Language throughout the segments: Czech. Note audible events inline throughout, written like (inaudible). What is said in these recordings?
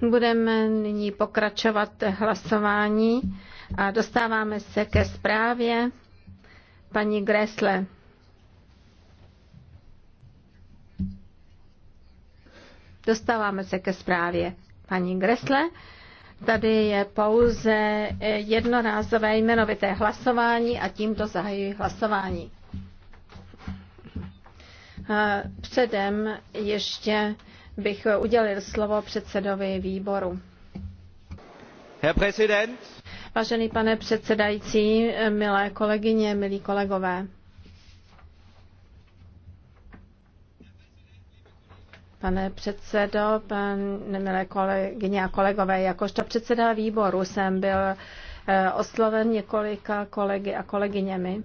Budeme nyní pokračovat hlasování a dostáváme se ke zprávě paní Gresle. Dostáváme se ke zprávě paní Gresle. Tady je pouze jednorázové jmenovité hlasování a tímto zahajuji hlasování. Předem ještě bych udělil slovo předsedovi výboru. Herr Präsident. Vážený pane předsedající, milé kolegyně, milí kolegové. Pane předsedo, pan, milé kolegyně a kolegové, jakožto předseda výboru jsem byl eh, osloven několika kolegy a kolegyněmi.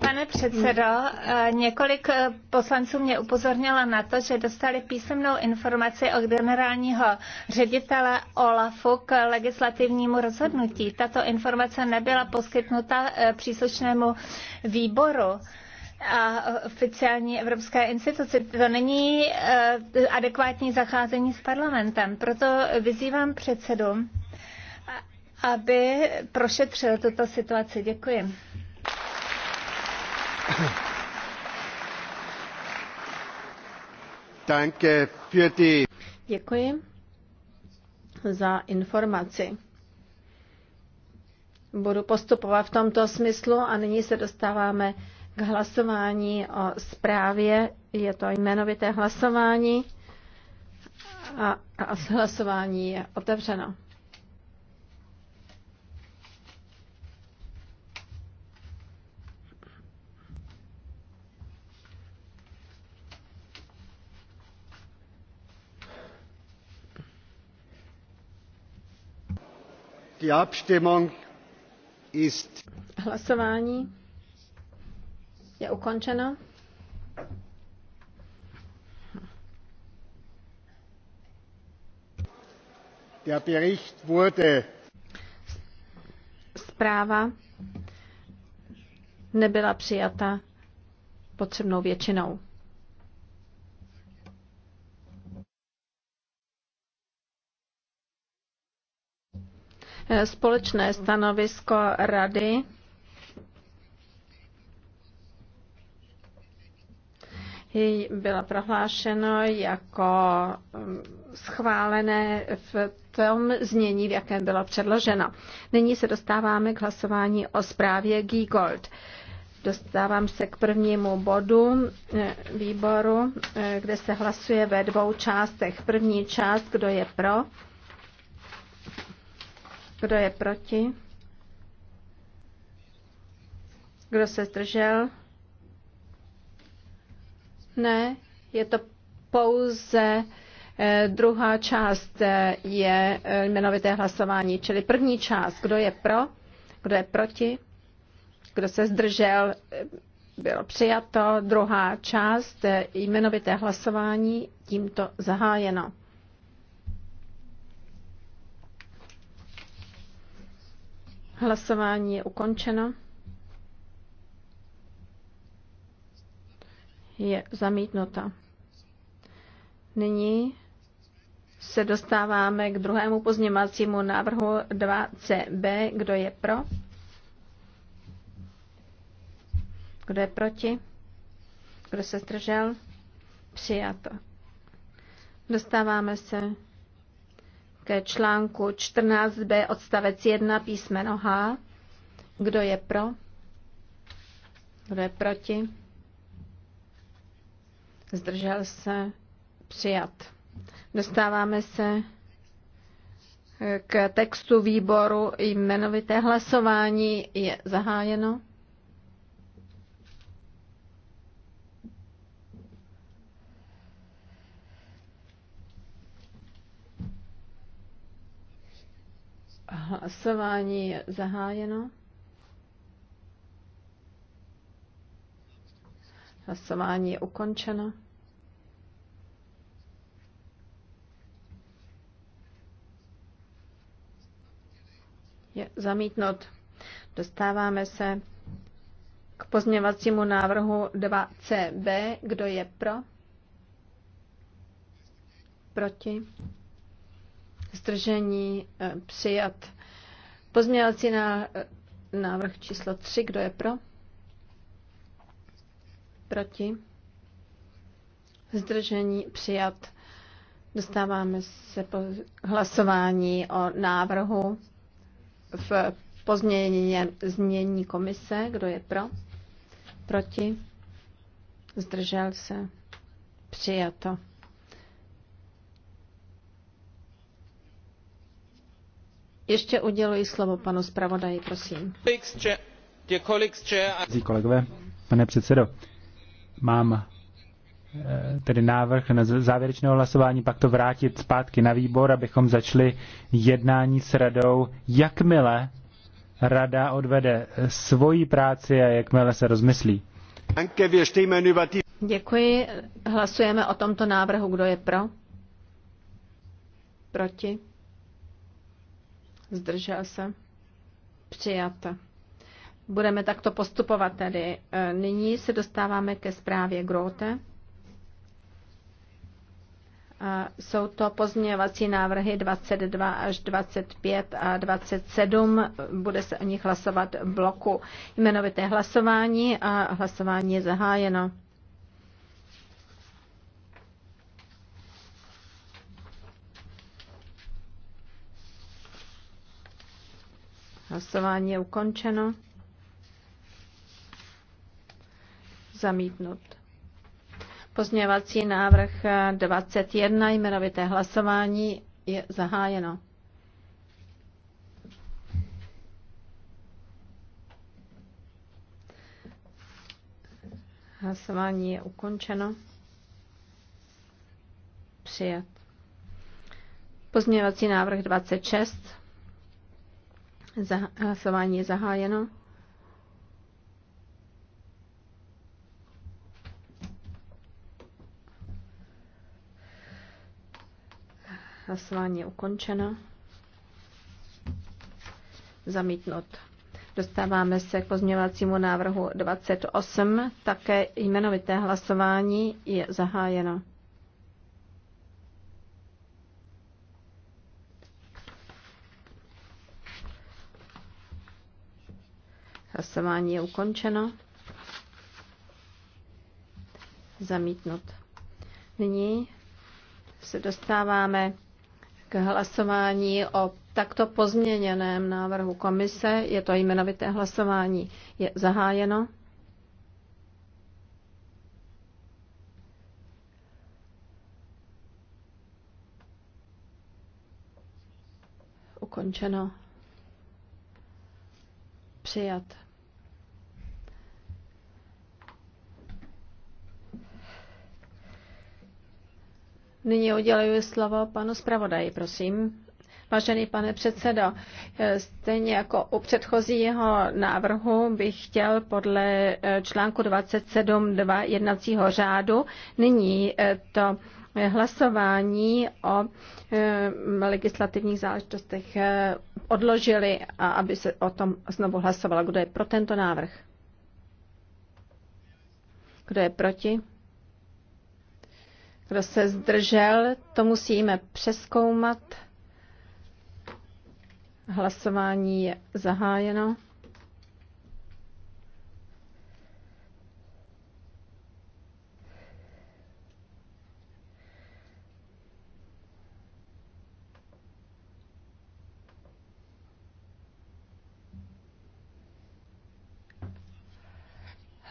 Pane předsedo, eh, několik eh, poslanců mě upozornilo na to, že dostali písemnou informaci od generálního ředitele OLAFu k legislativnímu rozhodnutí. Tato informace nebyla poskytnuta eh, příslušnému výboru a oficiální evropské instituci. To není adekvátní zacházení s parlamentem. Proto vyzývám předsedu, aby prošetřil tuto situaci. Děkuji. (coughs) Děkuji za informaci. Budu postupovat v tomto smyslu a nyní se dostáváme k hlasování o zprávě. Je to jmenovité hlasování a, a hlasování je otevřeno. Hlasování je ukončeno. Der Bericht wurde Zpráva nebyla přijata potřebnou většinou. Eh, společné stanovisko Rady byla prohlášeno jako mm, schválené v tom znění, v jakém bylo předloženo. Nyní se dostáváme k hlasování o zprávě Giegold. Dostávám se k prvnímu bodu eh, výboru, eh, kde se hlasuje ve dvou částech. První část, kdo je pro, kdo je proti? Kdo se zdržel? Ne, je to pouze eh, druhá část eh, je eh, jmenovité hlasování, čili první část, kdo je pro, kdo je proti, kdo se zdržel, bylo přijato, druhá část jmenovité hlasování tímto zahájeno. Hlasování je ukončeno. Je zamítnuta. Nyní se dostáváme k druhému pozněmacímu návrhu 2CB. Kdo je pro? Kdo je proti? Kdo se zdržel? Přijato. Dostáváme se ke článku 14b odstavec 1 písmeno H. Kdo je pro? Kdo je proti? Zdržel se? Přijat. Dostáváme se k textu výboru jmenovité hlasování je zahájeno. Hlasování je zahájeno. Hlasování je ukončeno. Je zamítnut. Dostáváme se k pozměvacímu návrhu 2CB. Kdo je pro? Proti? zdržení eh, přijat. Pozměňovací eh, návrh číslo 3, kdo je pro? Proti? Zdržení přijat. Dostáváme se po hlasování o návrhu v pozměně změní komise. Kdo je pro? Proti? Zdržel se? Přijato. Ještě uděluji slovo panu zpravodaji, prosím. Zí kolegové, pane předsedo, mám eh, tedy návrh na závěrečného hlasování, pak to vrátit zpátky na výbor, abychom začali jednání s radou, jakmile rada odvede eh, svoji práci a jakmile se rozmyslí. Děkuji. Hlasujeme o tomto návrhu. Kdo je pro? Proti? zdržel se, přijata. Budeme takto postupovat tady. E, nyní se dostáváme ke zprávě Grote. E, jsou to pozměňovací návrhy 22 až 25 a 27. Bude se o nich hlasovat v bloku. Jmenovité hlasování a hlasování je zahájeno. Hlasování je ukončeno. Zamítnut. Pozměvací návrh 21, jmenovité hlasování, je zahájeno. Hlasování je ukončeno. Přijat. Pozměvací návrh 26. Zah- hlasování je zahájeno. Hlasování je ukončeno. Zamítnut. Dostáváme se k pozměňovacímu návrhu 28. Také jmenovité hlasování je zahájeno. Hlasování je ukončeno. Zamítnut. Nyní se dostáváme k hlasování o takto pozměněném návrhu komise. Je to jmenovité hlasování. Je zahájeno. Ukončeno. Přijat. Nyní uděluji slovo panu zpravodaji, prosím. Vážený pane předsedo, stejně jako u předchozího návrhu bych chtěl podle eh, článku 27.2 jednacího řádu nyní eh, to hlasování o eh, legislativních záležitostech eh, odložili a aby se o tom znovu hlasovalo. Kdo je pro tento návrh? Kdo je proti? Kdo se zdržel? To musíme přeskoumat. Hlasování je zahájeno.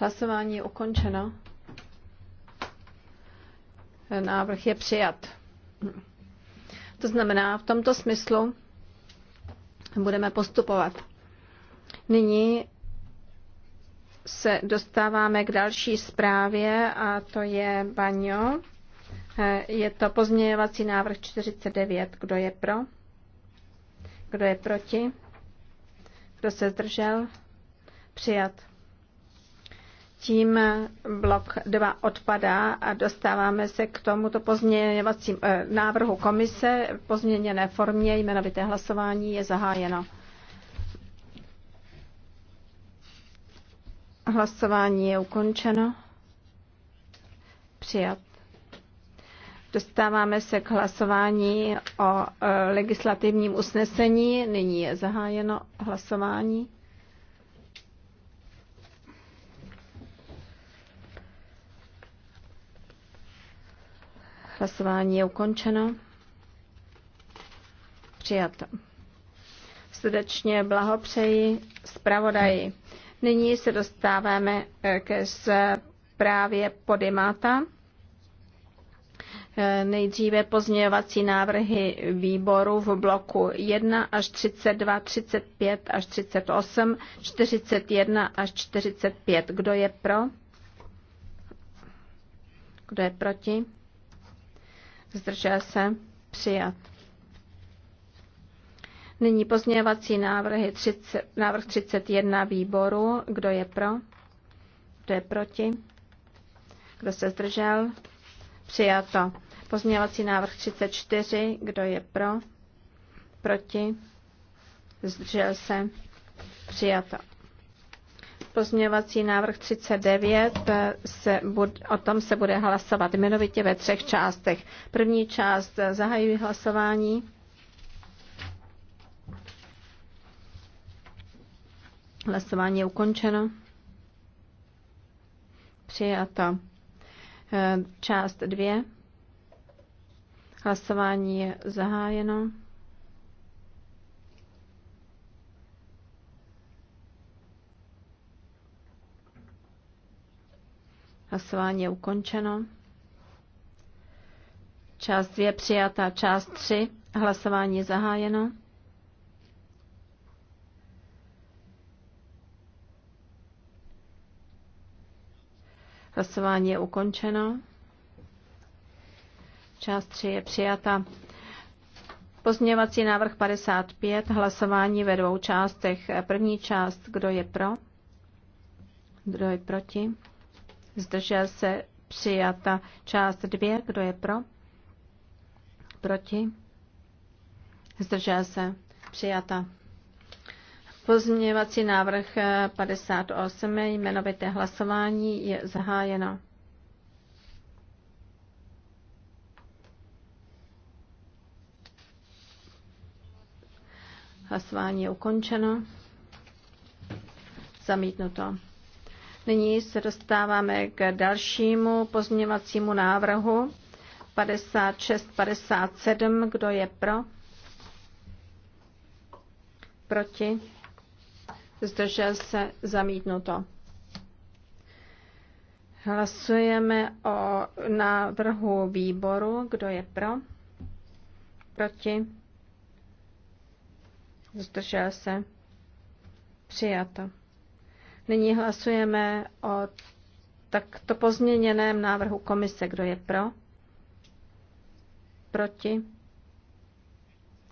Hlasování je ukončeno. Návrh je přijat. To znamená, v tomto smyslu budeme postupovat. Nyní se dostáváme k další zprávě a to je Baňo. Je to pozměňovací návrh 49. Kdo je pro? Kdo je proti? Kdo se zdržel? Přijat tím blok 2 odpadá a dostáváme se k tomuto pozměňovacím eh, návrhu komise v pozměněné formě. Jmenovité hlasování je zahájeno. Hlasování je ukončeno. Přijat. Dostáváme se k hlasování o eh, legislativním usnesení. Nyní je zahájeno hlasování. Hlasování je ukončeno. Přijato. Srdečně blahopřeji zpravodaji. Nyní se dostáváme eh, ke zprávě Podimata. Eh, nejdříve pozměňovací návrhy výboru v bloku 1 až 32, 35 až 38, 41 až 45. Kdo je pro? Kdo je proti? zdržel se, přijat. Nyní pozměňovací návrhy 30, návrh 31 výboru. Kdo je pro? Kdo je proti? Kdo se zdržel? Přijato. Pozměňovací návrh 34. Kdo je pro? Proti? Zdržel se? Přijato. Pozměňovací návrh 39, se bud, o tom se bude hlasovat jmenovitě ve třech částech. První část zahajuji hlasování. Hlasování je ukončeno. Přijato. E, část dvě. Hlasování je zahájeno. Hlasování je ukončeno. Část 2 přijatá, část 3. Hlasování je zahájeno. Hlasování je ukončeno. Část 3 je přijata. Pozměňovací návrh 55, hlasování ve dvou částech. První část, kdo je pro, kdo je proti zdržel se, přijata část 2, kdo je pro, proti, zdržel se, přijata. Pozměňovací návrh 58, eh, jmenovité hlasování je zahájeno. Hlasování je ukončeno. Zamítnuto. Nyní se dostáváme k dalšímu pozměňovacímu návrhu 56-57. Kdo je pro? Proti? Zdržel se zamítnuto. Hlasujeme o návrhu výboru. Kdo je pro? Proti? Zdržel se. Přijato. Nyní hlasujeme o takto pozměněném návrhu komise. Kdo je pro? Proti?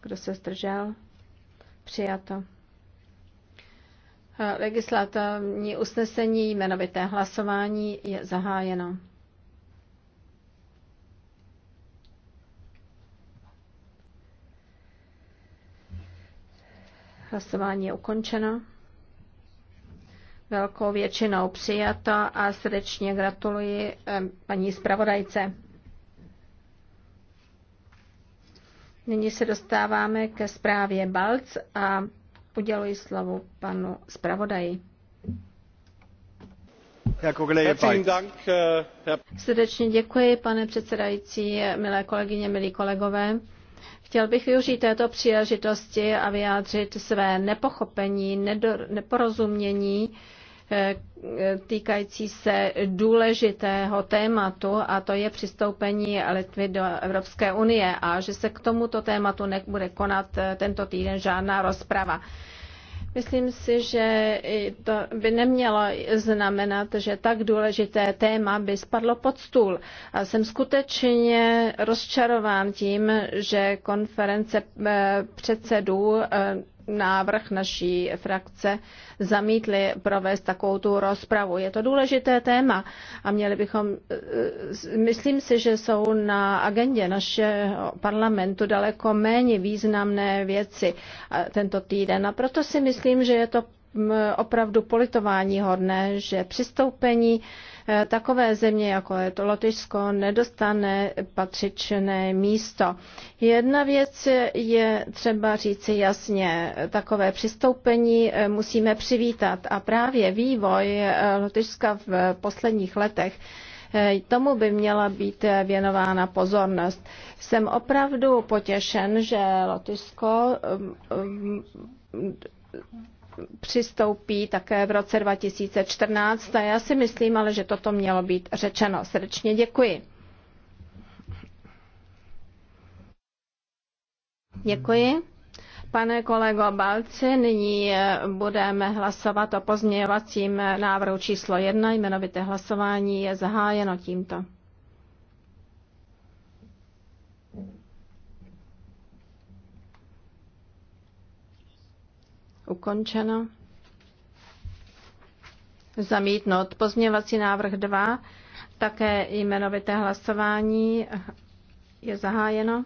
Kdo se zdržel? Přijato. Eh, legislativní usnesení jmenovité hlasování je zahájeno. Hlasování je ukončeno velkou většinou přijato a srdečně gratuluji paní zpravodajce. Nyní se dostáváme ke zprávě Balc a uděluji slovo panu zpravodaji. Äh, srdečně děkuji, pane předsedající, milé kolegyně, milí kolegové. Chtěl bych využít této příležitosti a vyjádřit své nepochopení, nedor- neporozumění týkající se důležitého tématu a to je přistoupení Litvy do Evropské unie a že se k tomuto tématu nebude konat eh, tento týden žádná rozprava. Myslím si, že to by nemělo znamenat, že tak důležité téma by spadlo pod stůl. A jsem skutečně rozčarován tím, že konference eh, předsedů eh, návrh naší frakce zamítli provést takovou tu rozpravu. Je to důležité téma a měli bychom, eh, myslím si, že jsou na agendě našeho parlamentu daleko méně významné věci eh, tento týden a proto si myslím, že je to mm, opravdu politování hodné, že přistoupení Eh, takové země, jako je to Lotyšsko, nedostane patřičné místo. Jedna věc je třeba říci jasně, takové přistoupení eh, musíme přivítat a právě vývoj eh, Lotyšska v posledních letech tomu by měla být věnována pozornost. Jsem opravdu potěšen, že Lotyšsko přistoupí také v roce 2014 a já si myslím ale, že toto mělo být řečeno. Srdečně děkuji. Děkuji. Pane kolego Balci, nyní eh, budeme hlasovat o pozměňovacím eh, návrhu číslo 1. Jmenovité hlasování je zahájeno tímto. Ukončeno. Zamítnout. Pozměvací návrh 2. Také jmenovité hlasování je zahájeno.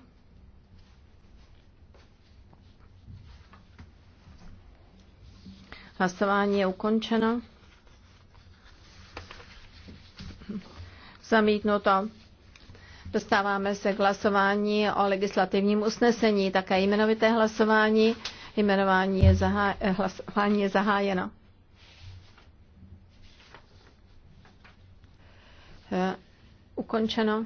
Hlasování je ukončeno. Zamítnuto. Dostáváme se k hlasování o legislativním usnesení, také jmenovité hlasování. Jmenování je, zahá, hlasování je zahájeno. E, ukončeno.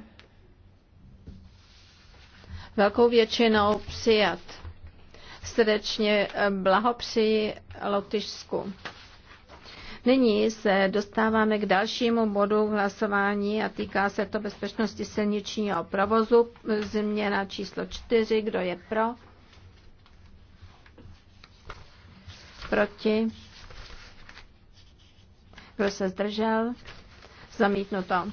Velkou většinou přijat. Srdečně e, blahopřeji Lotyšsku. Nyní se dostáváme k dalšímu bodu v hlasování a týká se to bezpečnosti silničního provozu. Změna číslo čtyři. Kdo je pro? Proti? Kdo se zdržel? Zamítnuto.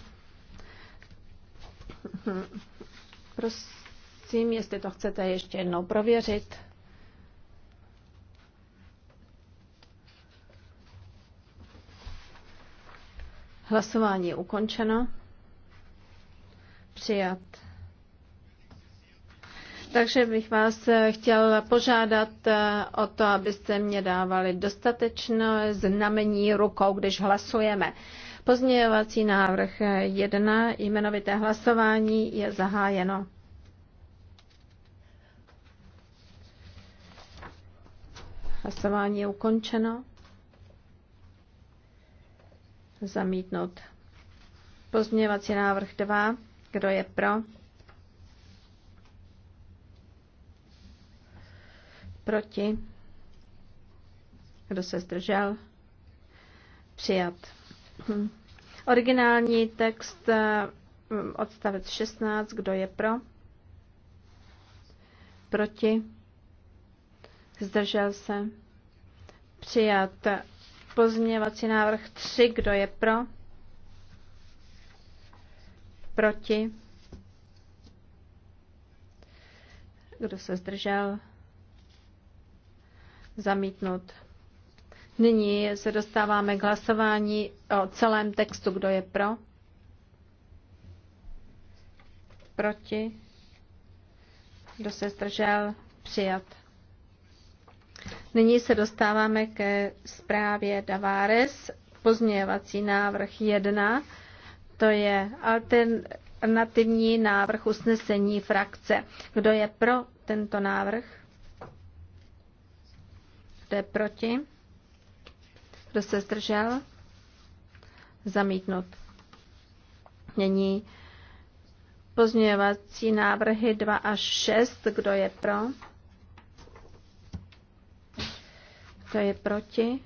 Prosím, jestli to chcete ještě jednou prověřit. Hlasování je ukončeno. Přijat. Takže bych vás eh, chtěl požádat eh, o to, abyste mě dávali dostatečné znamení rukou, když hlasujeme. Pozměňovací návrh 1, eh, jmenovité hlasování je zahájeno. Hlasování je ukončeno. Zamítnout. Pozměňovací návrh 2. Kdo je pro? Proti? Kdo se zdržel? Přijat. Hm. Originální text eh, hm, odstavec 16. Kdo je pro? Proti? Zdržel se? Přijat. Pozměňovací návrh 3. Kdo je pro? Proti? Kdo se zdržel? Zamítnut. Nyní se dostáváme k hlasování o celém textu. Kdo je pro? Proti? Kdo se zdržel? Přijat. Nyní se dostáváme ke zprávě Daváres. Pozměňovací návrh 1. To je alternativní návrh usnesení frakce. Kdo je pro tento návrh? Kdo je proti? Kdo se zdržel? Zamítnut. Nyní pozměňovací návrhy 2 až 6. Kdo je pro? Kdo je proti?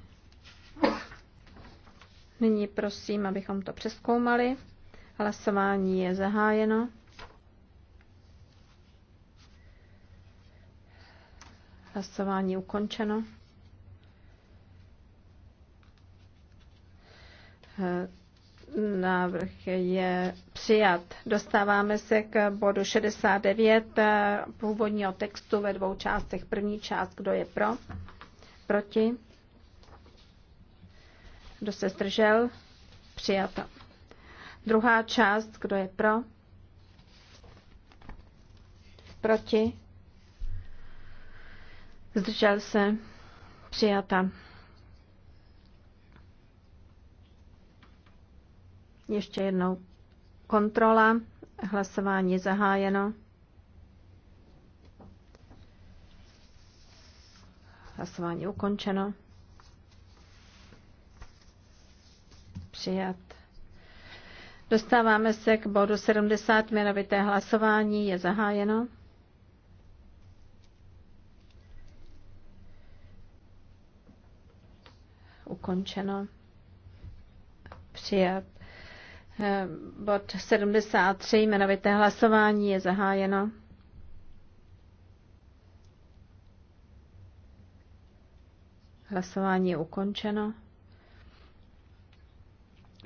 Nyní prosím, abychom to přeskoumali. Hlasování je zahájeno. Hlasování ukončeno. Návrh je přijat. Dostáváme se k bodu 69 eh, původního textu ve dvou částech. První část, kdo je pro, proti, kdo se zdržel, přijato. Druhá část, kdo je pro, proti, zdržel se, přijata. Ještě jednou kontrola. Hlasování je zahájeno. Hlasování ukončeno. Přijat. Dostáváme se k bodu 70. Jmenovité hlasování je zahájeno. Ukončeno. Přijat. Eh, bod 73, jmenovité hlasování je zahájeno. Hlasování je ukončeno.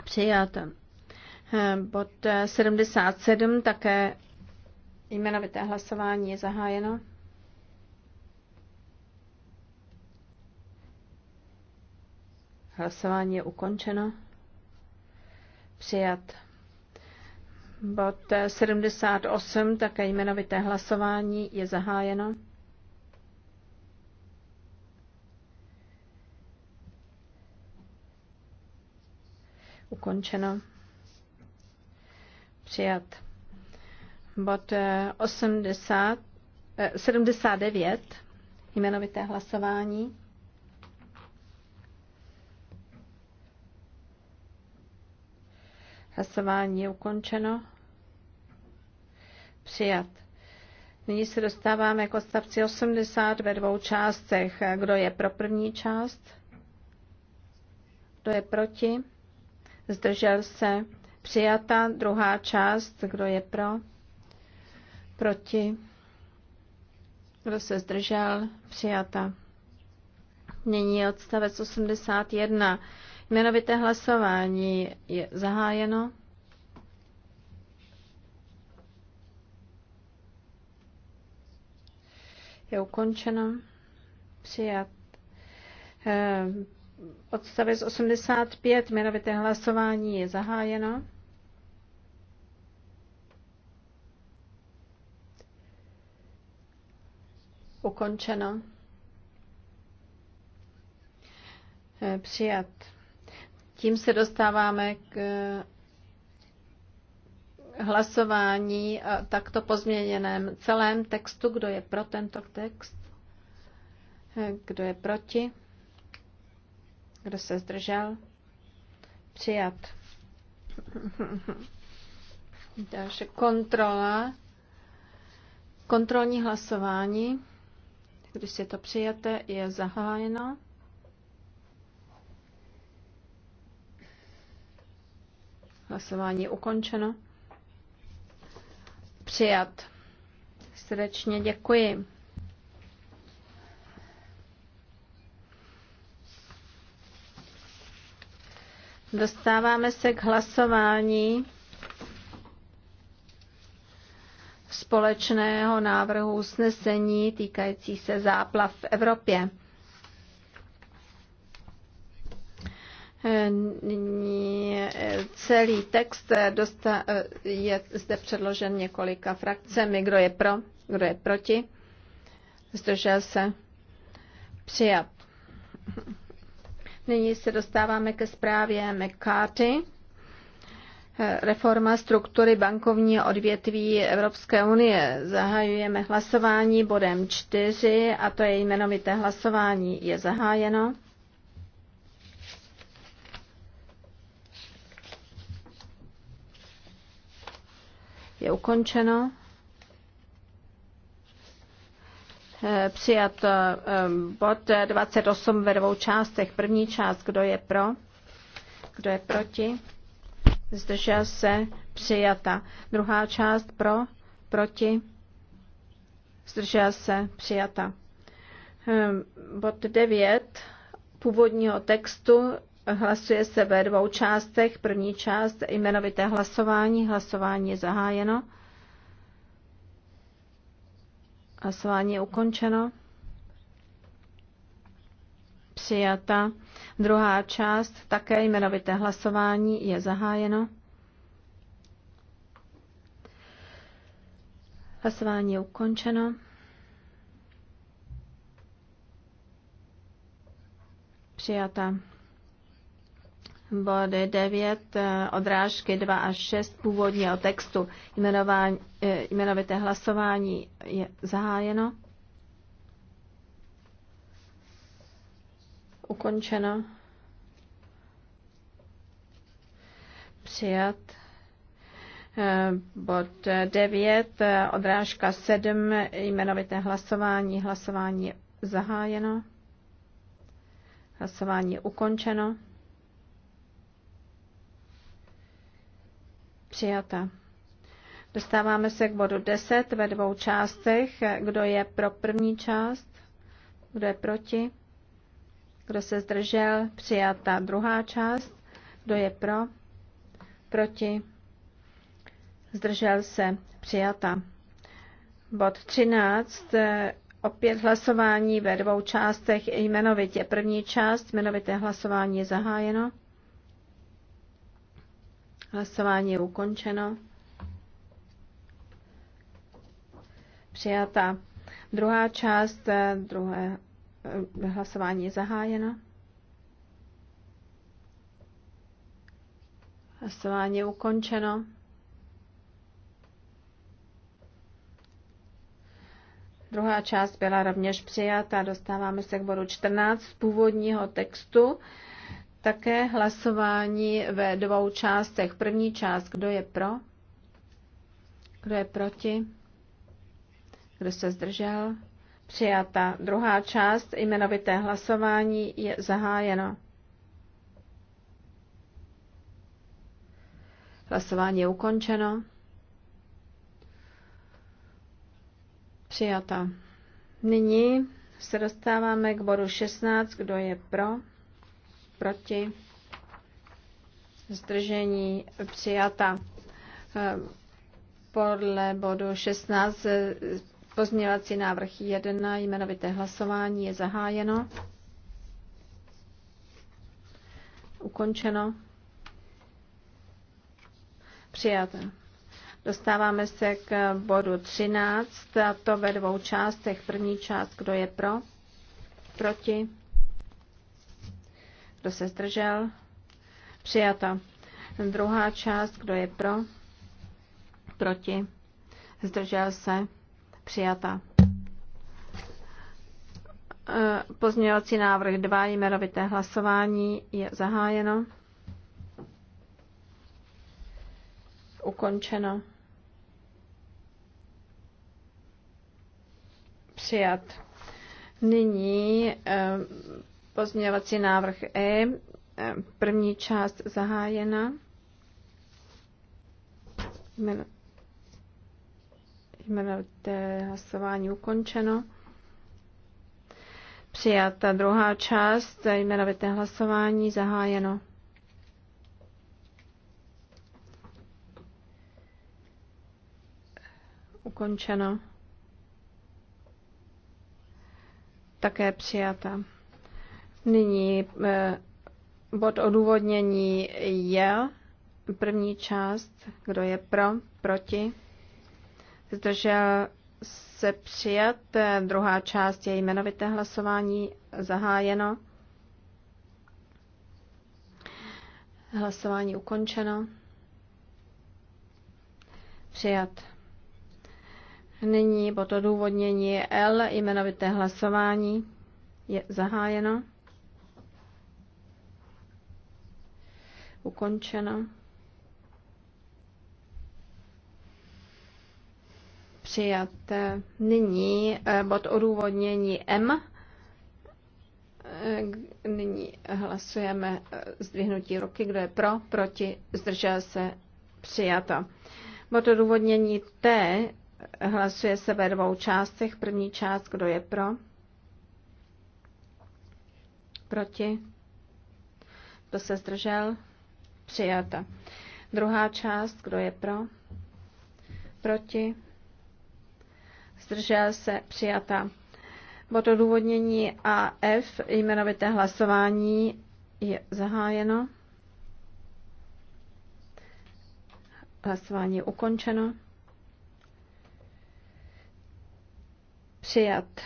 Přijat. Eh, bod 77, také jmenovité hlasování je zahájeno. Hlasování je ukončeno. Přijat. Bod 78, také jmenovité hlasování, je zahájeno. Ukončeno. Přijat. Bod 80, 79, eh, jmenovité hlasování. Hlasování je ukončeno. Přijat. Nyní se dostáváme k odstavci 80 ve dvou částech. Kdo je pro první část? Kdo je proti? Zdržel se. Přijata druhá část. Kdo je pro? Proti? Kdo se zdržel? Přijata. Nyní odstavec 81. Jmenovité hlasování je zahájeno. Je ukončeno. Přijat. Eh, odstavec 85. Jmenovité hlasování je zahájeno. Ukončeno. Eh, přijat. Tím se dostáváme k eh, hlasování takto pozměněném celém textu. Kdo je pro tento text? Eh, kdo je proti? Kdo se zdržel? Přijat. Takže (laughs) kontrola. Kontrolní hlasování, když je to přijete, je zahájeno. Hlasování ukončeno. Přijat. Srdečně děkuji. Dostáváme se k hlasování společného návrhu usnesení týkající se záplav v Evropě. Nyní eh, celý text eh, dosta, eh, je zde předložen několika frakcemi. Kdo je pro, kdo je proti? Zdržel se? Přijat. Nyní se dostáváme ke zprávě McCarthy. Reforma struktury bankovní odvětví Evropské unie. Zahajujeme hlasování bodem 4 a to je jmenovité hlasování. Je zahájeno. je ukončeno. Eh, přijat eh, bod 28 ve dvou částech. První část, kdo je pro, kdo je proti, zdržel se, přijata. Druhá část pro, proti, zdržel se, přijata. Eh, bod 9 původního textu Hlasuje se ve dvou částech. První část jmenovité hlasování. Hlasování je zahájeno. Hlasování je ukončeno. Přijata. Druhá část, také jmenovité hlasování, je zahájeno. Hlasování je ukončeno. Přijata body 9, eh, odrážky 2 až 6 původního textu. Eh, jmenovité hlasování je zahájeno. Ukončeno. Přijat. Eh, bod 9, odrážka 7, jmenovité hlasování. Hlasování je zahájeno. Hlasování je ukončeno. Přijata. Dostáváme se k bodu 10 ve dvou částech. Kdo je pro první část? Kdo je proti? Kdo se zdržel? Přijata druhá část. Kdo je pro? Proti? Zdržel se? Přijata. Bod 13. Opět hlasování ve dvou částech jmenovitě. První část jmenovité hlasování je zahájeno. Hlasování je ukončeno. Přijata. Druhá část, eh, druhé eh, hlasování je zahájeno. Hlasování je ukončeno. Druhá část byla rovněž přijata. Dostáváme se k bodu 14 z původního textu. Také hlasování ve dvou částech. První část, kdo je pro? Kdo je proti? Kdo se zdržel? Přijata. Druhá část, jmenovité hlasování, je zahájeno. Hlasování je ukončeno. Přijata. Nyní se dostáváme k bodu 16. Kdo je pro? proti, zdržení přijata. Podle bodu 16 pozměňovací návrh 1 jmenovité hlasování je zahájeno. Ukončeno. Přijato. Dostáváme se k bodu 13, a to ve dvou částech. První část, kdo je pro, proti, kdo se zdržel? Přijata. Druhá část, kdo je pro? Proti. Zdržel se? Přijata. E, pozměňovací návrh 2, jmenovité hlasování je zahájeno. Ukončeno. Přijat. Nyní e, Pozměňovací návrh e. e, první část zahájena. té hlasování ukončeno. Přijata druhá část, jmenovité hlasování zahájeno. Ukončeno. Také přijata. Nyní eh, bod odůvodnění je první část, kdo je pro, proti, zdržel se přijat, eh, druhá část je jmenovité hlasování zahájeno, hlasování ukončeno, přijat. Nyní bod odůvodnění je L, jmenovité hlasování je zahájeno. ukončena. Přijat. Nyní eh, bod odůvodnění M. Eh, nyní hlasujeme eh, zdvihnutí ruky, kdo je pro, proti, zdržel se, přijata. Bod odůvodnění T hlasuje se ve dvou částech. První část, kdo je pro, proti, kdo se zdržel, Přijata. Druhá část, kdo je pro? Proti? Zdržel se? Přijata. Bod odůvodnění AF, jmenovité hlasování, je zahájeno. Hlasování je ukončeno. Přijat.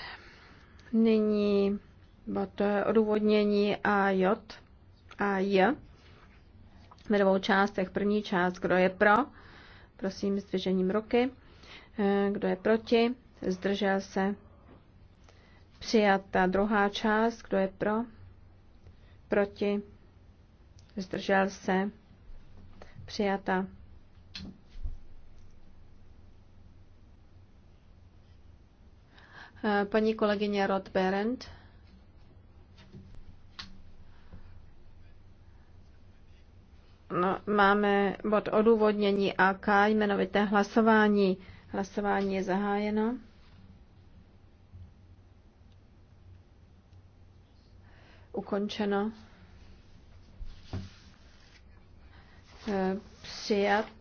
Nyní bod odůvodnění AJ. J. Jsme dvou částech. První část, kdo je pro, prosím, zdržením ruky. Eh, kdo je proti, zdržel se. Přijata druhá část, kdo je pro, proti, zdržel se. Přijata. Eh, paní kolegyně Rod Berendt. No, máme bod odůvodnění AK, jmenovité hlasování. Hlasování je zahájeno. Ukončeno. Eh, přijat.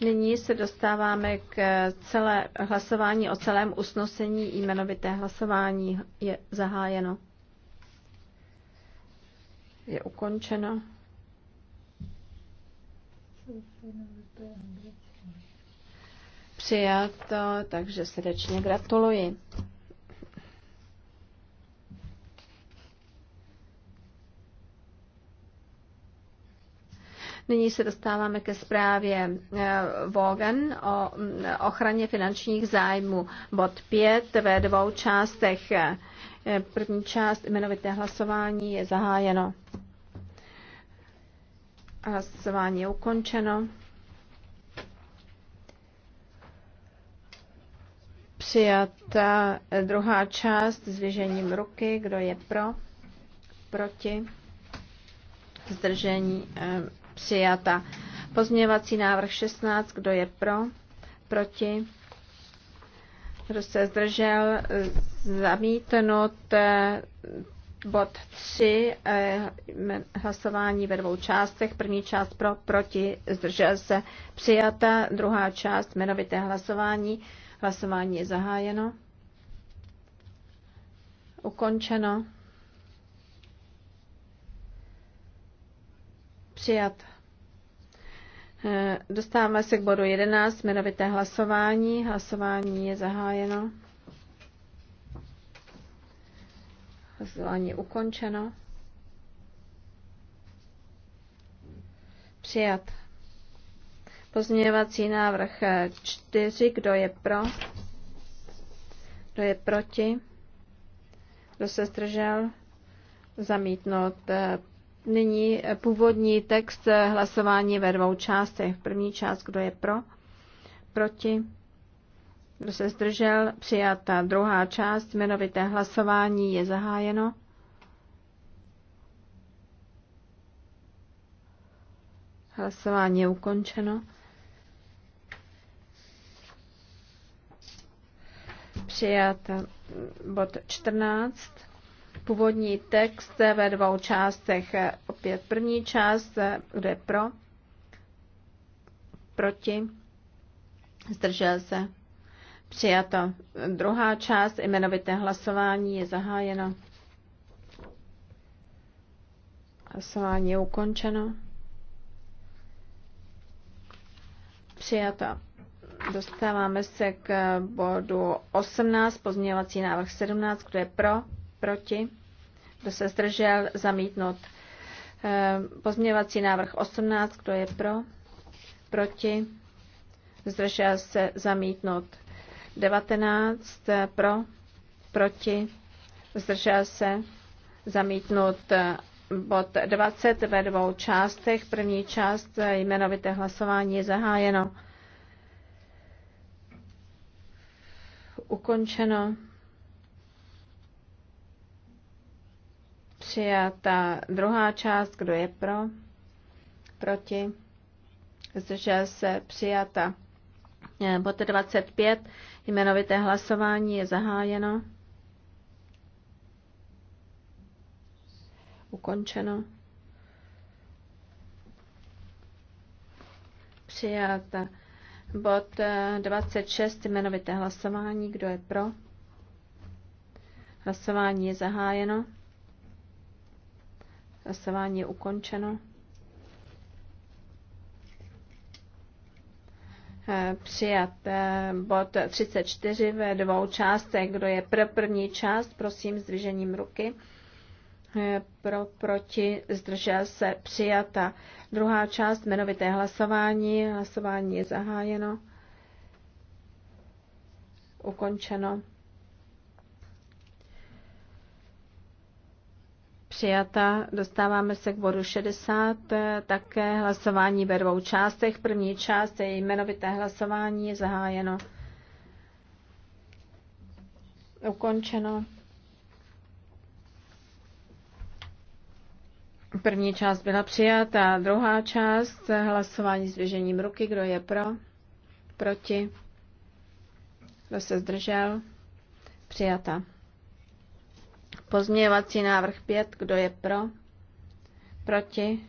Nyní se dostáváme k celé hlasování o celém usnesení. Jmenovité hlasování je zahájeno. Je ukončeno. Přijato, takže srdečně gratuluji. Nyní se dostáváme ke zprávě eh, Vogen o mm, ochraně finančních zájmů. Bod 5 ve dvou částech. Eh, První část jmenovité hlasování je zahájeno. Hlasování je ukončeno. Přijata druhá část s vyžením ruky. Kdo je pro? Proti? Zdržení eh, přijata. Pozměňovací návrh 16. Kdo je pro? Proti? Kdo se zdržel? Zamítnut bod 3, eh, hlasování ve dvou částech. První část pro, proti, zdržel se, přijata. Druhá část, jmenovité hlasování. Hlasování je zahájeno. Ukončeno. Přijat. Eh, dostáváme se k bodu 11, jmenovité hlasování. Hlasování je zahájeno. Hlasování ukončeno. Přijat. Pozměňovací návrh 4. Kdo je pro? Kdo je proti? Kdo se zdržel? Zamítnout. Nyní původní text hlasování ve dvou částech. První část, kdo je pro? Proti? Kdo se zdržel? Přijata. Druhá část, jmenovité hlasování je zahájeno. Hlasování je ukončeno. Přijat bod 14. Původní text ve dvou částech. Opět první část, kde pro, proti, zdržel se Přijato. Druhá část jmenovité hlasování je zahájeno. Hlasování je ukončeno. Přijato. Dostáváme se k bodu 18, pozměňovací návrh 17, kdo je pro, proti, kdo se zdržel, zamítnut. Eh, pozměňovací návrh 18, kdo je pro, proti, zdržel se, zamítnut. 19 eh, pro, proti, zdržel se, zamítnut eh, bod 20 ve dvou částech. První část eh, jmenovité hlasování je zahájeno. Ukončeno. Přijata druhá část, kdo je pro, proti, zdržel se, přijata. E, bod 25. Jmenovité hlasování je zahájeno. Ukončeno. Přijat bod 26. E, jmenovité hlasování. Kdo je pro? Hlasování je zahájeno. Hlasování je ukončeno. Eh, přijat eh, bod 34 ve dvou částech. Kdo je pro první část, prosím zdvižením ruky. Eh, pro, proti, zdržel se, přijata. Druhá část, jmenovité hlasování. Hlasování je zahájeno. Ukončeno. přijata. Dostáváme se k bodu 60, také hlasování ve dvou částech. První část je jmenovité hlasování, je zahájeno, ukončeno. První část byla přijata, druhá část hlasování s běžením ruky, kdo je pro, proti, kdo se zdržel, přijata. Pozměňovací návrh 5, kdo je pro? Proti?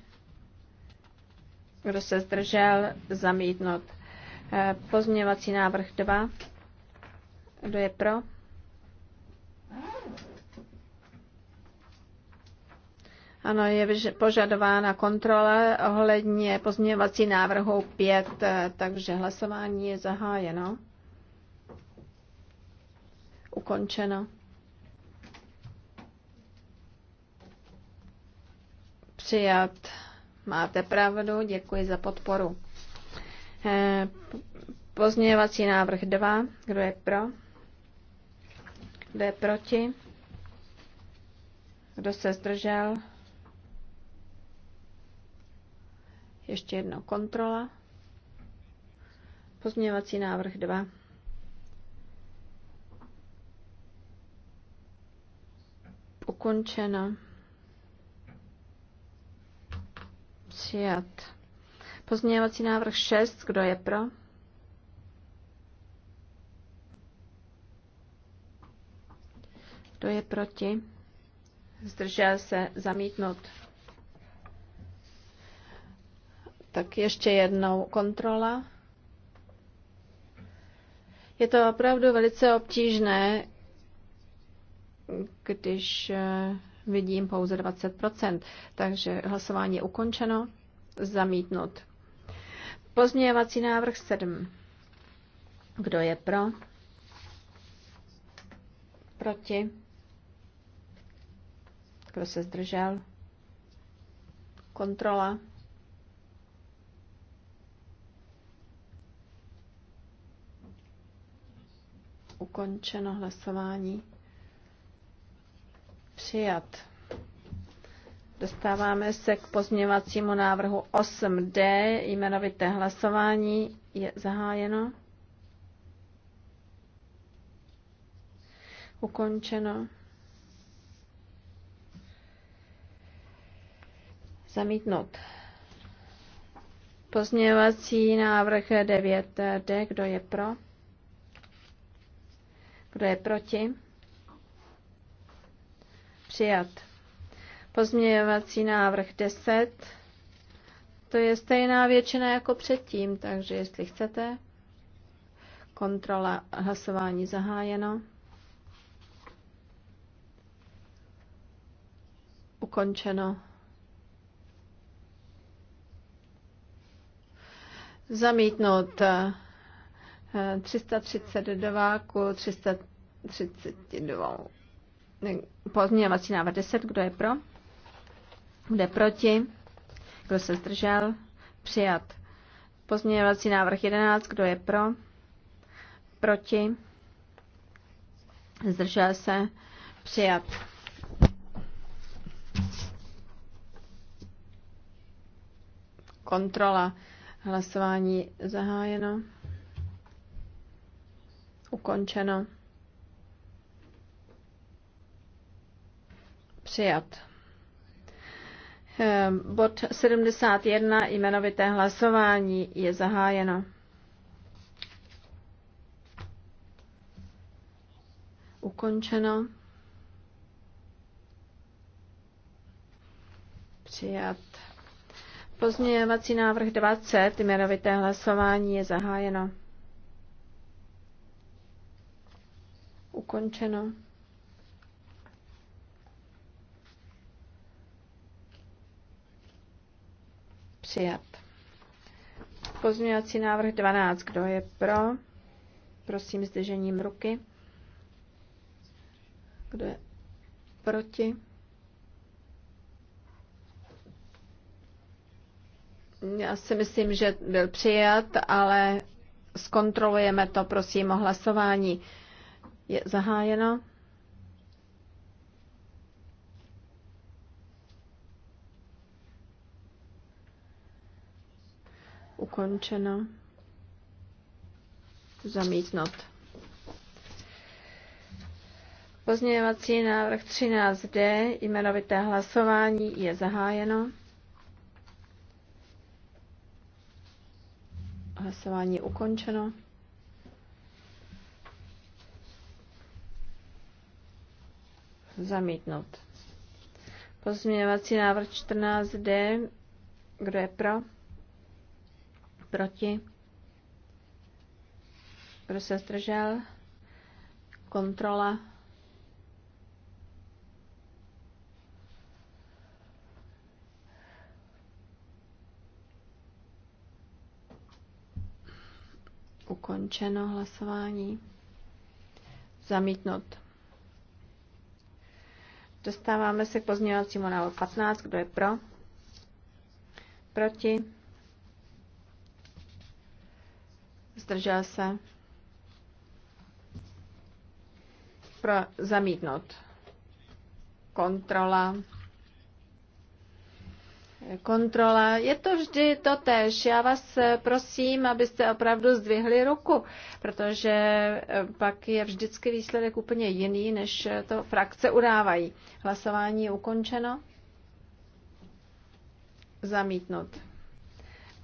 Kdo se zdržel? Zamítnut. Eh, pozměňovací návrh 2. Kdo je pro? Ano, je požadována kontrola ohledně pozměňovací návrhu 5, eh, takže hlasování je zahájeno. Ukončeno. přijat. Máte pravdu, děkuji za podporu. Eh, pozměňovací návrh 2. Kdo je pro? Kdo je proti? Kdo se zdržel? Ještě jedno kontrola. Pozměňovací návrh 2. Ukončeno. Přijat. Pozměňovací návrh 6. Kdo je pro? Kdo je proti? Zdržel se zamítnout. Tak ještě jednou kontrola. Je to opravdu velice obtížné, když eh, vidím pouze 20%. Takže hlasování je ukončeno, zamítnut. Pozměňovací návrh 7. Kdo je pro? Proti? Kdo se zdržel? Kontrola? Ukončeno hlasování. Přijat. Dostáváme se k pozměvacímu návrhu 8D, jmenovité hlasování je zahájeno. Ukončeno. Zamítnout. Pozměvací návrh 9D, kdo je pro? Kdo je proti? Přijat. Pozměňovací návrh 10. To je stejná většina jako předtím, takže jestli chcete, kontrola hlasování zahájeno. Ukončeno. Zamítnout 332 eh, eh, ku 332. Pozměňovací návrh 10, kdo je pro? Kdo je proti? Kdo se zdržel? Přijat. Pozměňovací návrh 11, kdo je pro? Proti? Zdržel se? Přijat. Kontrola. Hlasování zahájeno. Ukončeno. přijat. Ehm, bod 71 jmenovité hlasování je zahájeno. Ukončeno. Přijat. Pozměňovací návrh 20 jmenovité hlasování je zahájeno. Ukončeno. Přijat. Pozměňovací návrh 12. Kdo je pro? Prosím zdržením ruky. Kdo je proti? Já si myslím, že byl přijat, ale zkontrolujeme to, prosím, o hlasování. Je zahájeno. ukončeno. Zamítnout. Pozměňovací návrh 13D, jmenovité hlasování je zahájeno. Hlasování je ukončeno. Zamítnout. Pozměňovací návrh 14D. Kdo je pro? proti, kdo se zdržel, kontrola, ukončeno hlasování. Zamítnut. Dostáváme se k pozměňovacímu návrhu 15. Kdo je pro? Proti? zdržel se, pro zamítnout. Kontrola. Kontrola. Je to vždy to tež. Já vás eh, prosím, abyste opravdu zdvihli ruku, protože eh, pak je vždycky výsledek úplně jiný, než eh, to frakce udávají. Hlasování je ukončeno. Zamítnout.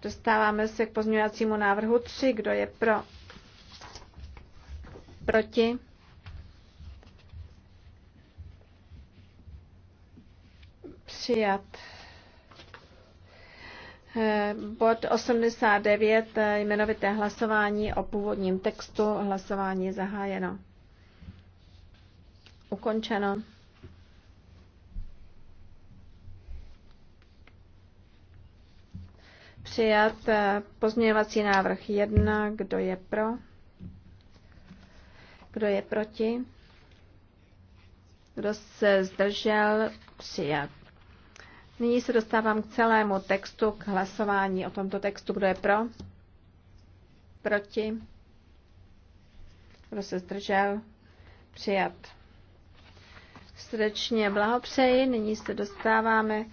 Dostáváme se k pozměňovacímu návrhu 3. Kdo je pro? Proti? Přijat. Eh, bod 89, eh, jmenovité hlasování o původním textu. Hlasování je zahájeno. Ukončeno. Přijat eh, pozměňovací návrh 1. Kdo je pro? Kdo je proti? Kdo se zdržel? Přijat. Nyní se dostávám k celému textu, k hlasování o tomto textu. Kdo je pro? Proti? Kdo se zdržel? Přijat. Srdečně blahopřeji. Nyní se dostáváme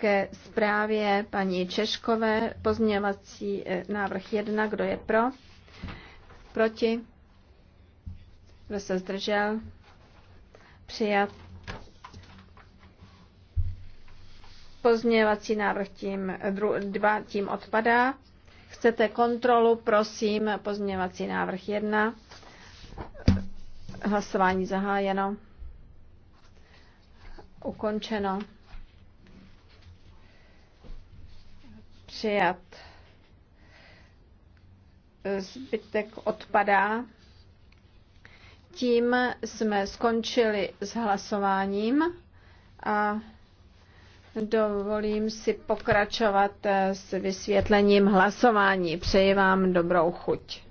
ke zprávě paní Češkové. Pozměňovací eh, návrh 1. Kdo je pro? Proti? Kdo se zdržel? Přijat. Pozměňovací návrh tím, eh, dva tím odpadá. Chcete kontrolu, prosím, pozměňovací návrh 1. Hlasování zahájeno. Ukončeno. přijat. Zbytek odpadá. Tím jsme skončili s hlasováním a dovolím si pokračovat s vysvětlením hlasování. Přeji vám dobrou chuť.